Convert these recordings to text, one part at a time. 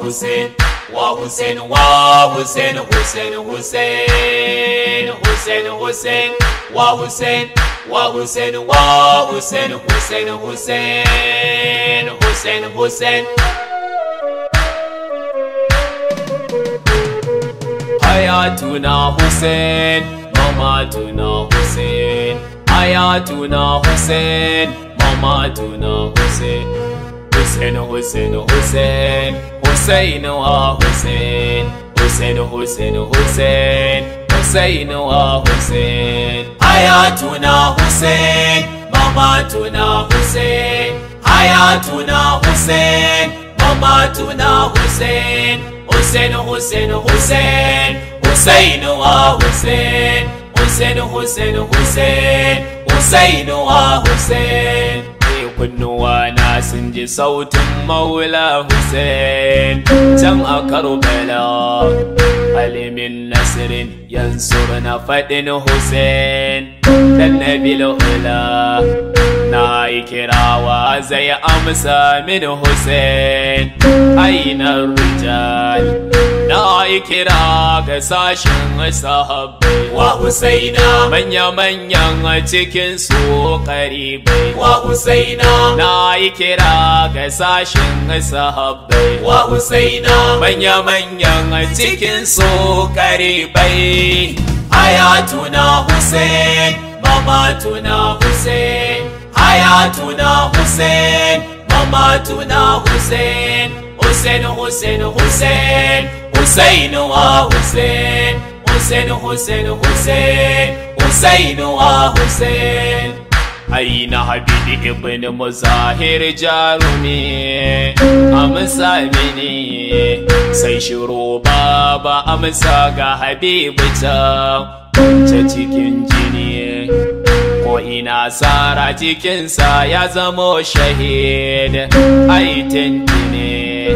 Hussein, wa Hussein, wa Hussein, Hussein, Hussein, Hussein, Hussein, wa Hussein, wa Hussein, wa Hussein, Hussein, Hussein, Hussein, Hussein. Hayatuna Hussein, Mamatuna Hussein, Hayatuna Hussein, Mamatuna Hussein. Hussein, Hussein, Hussein, Hussein, Hussein, Hussein, Hussein, Hussein, Hussein, Hussein. Hayatuna Hussein, Mama tuna Hussein. Hayatuna Hussein, Mama tuna Hussein. Hussein, Hussein, Hussein, Hussein, Hussein, Hussein, Hussein, Hussein, Hussein, Hussein. kunnuwa na sun ji sautin maula hussein can a karbala alimin nasirin yansur na faɗin hussein dan nabil hula kirawa zai amsa min Hussein ainihin rijal na kira ga sashen sahabbai wa Husaina manya-manyan cikin su karibai wa Husaina na kira ga sashen sahabbai wa Husaina manya-manyan cikin su karibai hayatuna Hussein mamatuna Hussein tuna Hussein tuna Hussein Hussein Hussein Hussein Hussein wa Hussein Hussein Hussein Hussein Hussein wa Hussein Aina Habib ibn Muzahir jarumi amsa mini sai shiro baba amsa ga Habibu ta cikin jini Ko'ina ina sara ya zamo shahid aitin ne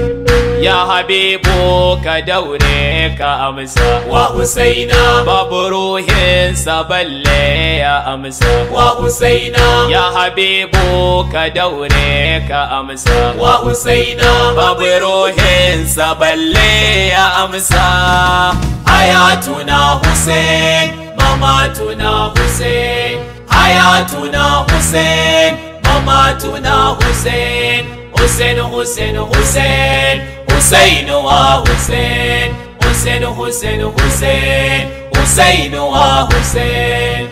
ya habibu ka daure ka amsa wa husaina babu ruhinsa balle ya amsa wa husaina ya habibu ka daure ka amsa wa husaina babu ruhinsa balle ya amsa tuna husain mama tuna husain hayatuna Hussein mamatuna Hussein Hussein Hussein Hussein Hussein wa Hussein Hussein Hussein Hussein Hussein wa Hussein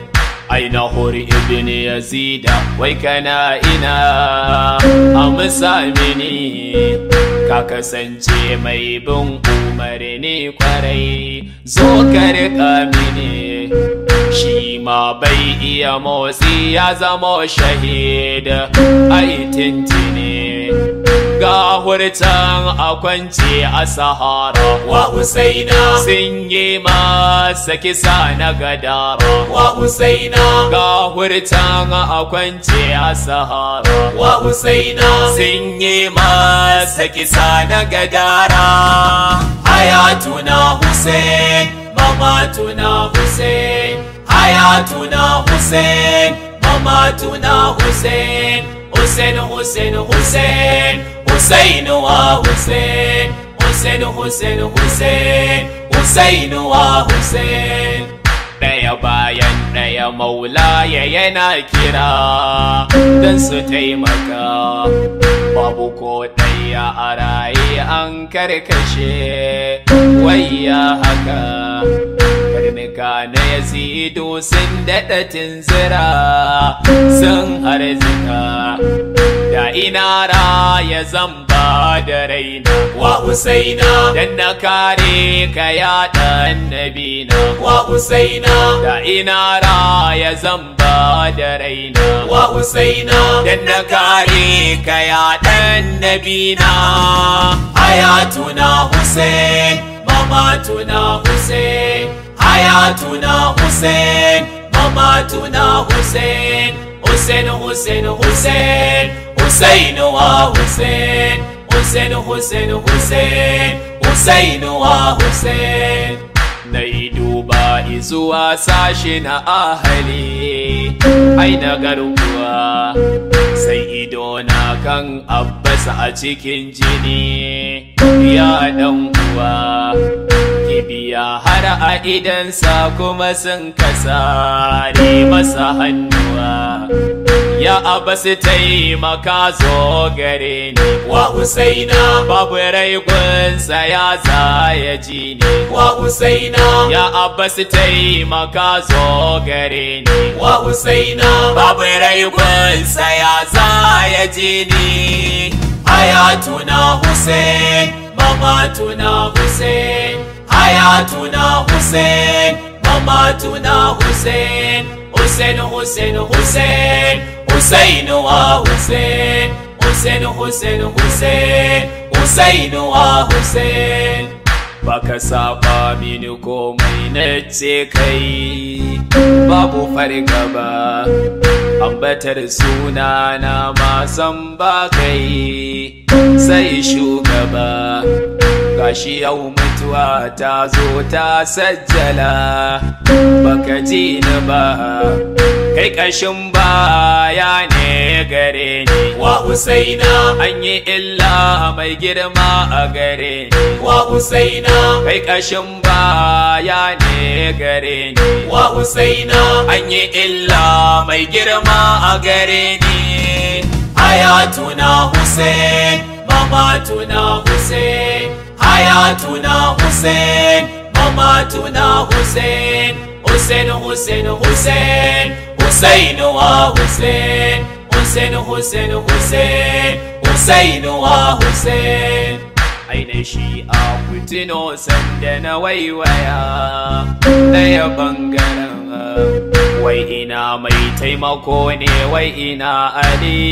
Aina huri ibn Yazida wai na ina amsa mini ka kasance mai bin umarni kwarai zo ka mini shi ma bai iya motsi ya zama shahida ai tintini ga hurtan a kwance a sahara wa husaina sun yi masa kisa na gadara wa husaina ga hurtan a kwance a sahara wa husaina sun yi masa kisa na gadara tuna husain tuna husain tuna Hussein tuna Hussein Hussein Hussein Hussein Hussein wa Hussein Hussein Hussein Hussein Hussein wa Hussein Daya bayan daya maula ya yana kira don su taimaka babu ko daya a raye an karkashe wayya haka Ga na yazido sun daɗa tinzira sun arzika da ina ya ya zamba da raina wa usaina dan na kare ka ya dan nabina wa usaina da ina ya ya zamba da raina wa usaina dan na kare ka ya dan nabina hayatuna husain mama tuna husain tuna Hussein tuna Hussein Hussein Hussein Hussein Hussein wa Hussein Hussein Hussein Hussein Hussein wa Hussein na izuwa sashe na ahali aina na garuwa sai ido na kan abbas a cikin jini ya dan uwa kibiya har a sa kuma sun kasare masa hannuwa ya abbas taimaka zo gare ni wa usaina babu rai gunsa ya zaya ji ne wa usaina ya abbas taimaka zo gare ni wa usaina babu rai gunsa ya zaya ji ne hayatuna hussein mamatuna hussein hayatuna hussein mamatuna hussein hussein hussein hussein Hussein wa Hussein Hussein Hussein Hussein Hussein wa Hussein Baka saba mini komai na ce kai babu fargaba ambatar suna na masan ba kai sai shugaba gashi yau mutuwa ta zo ta sajjala baka ji ni ba kai ƙashin baya ne gare ni wa usaina an illa mai girma a gare ni wa usaina kai ƙashin baya ne gare ni wa usaina an illa mai girma a gare ni hayatuna Hussein tuna Hussein hayatuna Hussein tuna Hussein Hussein Hussein Hussein Hussein wa Hussein Hussein Hussein Hussein Hussein wa Hussein Aine shi a kutino sanda na waiwaya ɗaya bangaren wai ina mai taimako ne wai ina Ali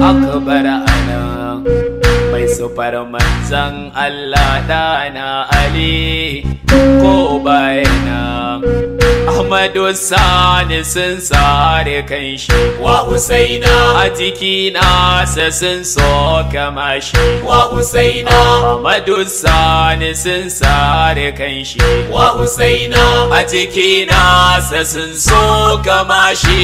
akbar anan mai superman manzan Allah ɗana Ali ko bayana Ahmadu Sani sun sare kan shi wa Usaina a jiki sa sun so kama shi wa Usaina Ahmadu Sani sun sare kan shi wa Usaina a jiki sa sun so kama shi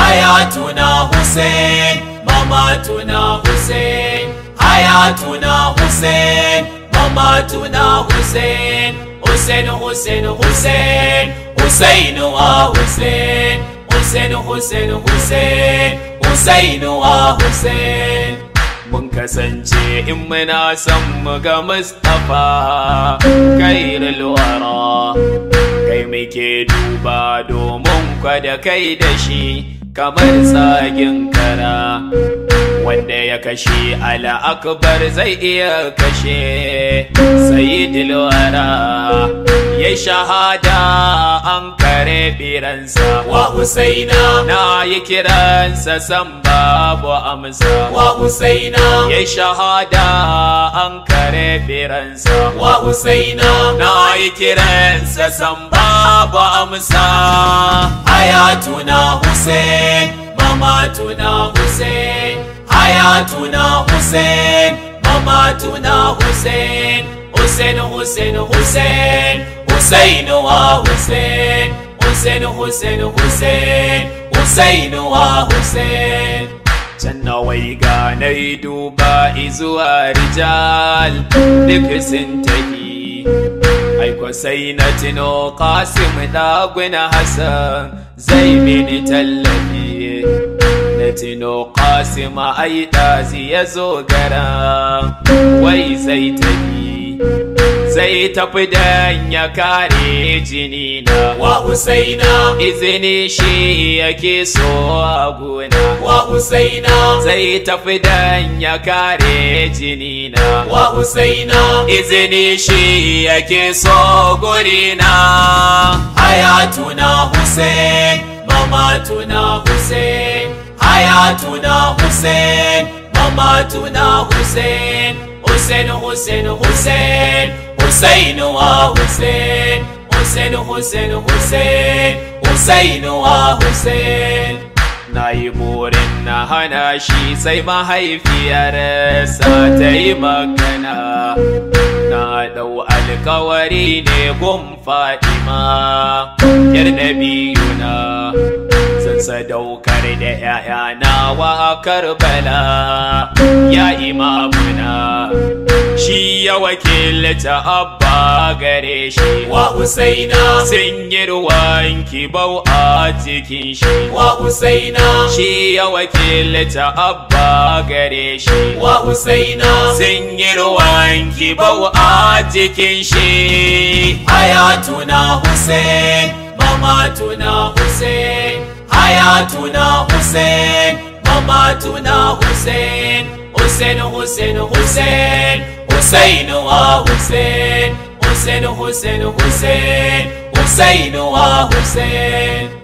Hayatuna Hussein Mamatuna Hussein hayatuna hussein mamatuna hussein hussein hussein hussein hussein wa hussein hussein hussein hussein hussein wa hussein mun kasance in muna son mu ga Mustapha kairul wara kai muke duba domin kwada kai da shi kamar tsagin kara wanda ya kashe ala akbar zai iya kashe sayyidul wara ya shahada an kare biransa wa husaina na yi kiransa san babu amsa wa husaina ya shahada an kare biransa wa husaina na yi kiransa san babu amsa ayatuna husain mamatuna husain hayatuna Hussein tuna Hussein Hussein Hussein Hussein Hussein wa Hussein Hussein Hussein Hussein Hussein wa Hussein can wai ga na yi duba izuwa rijal duk sun aiko sai na tino kasim daguna hassan zai mini tallafi na tino kasima ai ya zo gara wai zai tafi zai tafi dan kare jini na wa usaina izini shi yake so a wa usaina zai tafi dan ya kare jini na wa usaina izini shi yake so guri na hayatuna mama tuna Husain. hayatuna Hussein mamatuna Hussein Hussein Hussein Hussein Hussein wa Hussein Hussein Hussein Hussein Hussein wa Hussein na yi burin na hana shi sai mahaifiyarsa ta yi magana na dau alkawari ne gun fadima yar na biyu na sadaukar da ‘ya'yana wa karbala ya imamuna shi ya wakilta abba gare shi wa usaina sun yi ruwan kibau a cikin shi wa usaina shi ya wakilta abba gare shi wa usaina sun yi ruwan kibau a cikin shi hayatuna Hussein mamatuna Hussein hayatuna Hussein tuna Hussein Hussein Hussein Hussein Hussein wa Hussein Hussein Hussein Hussein Hussein wa Hussein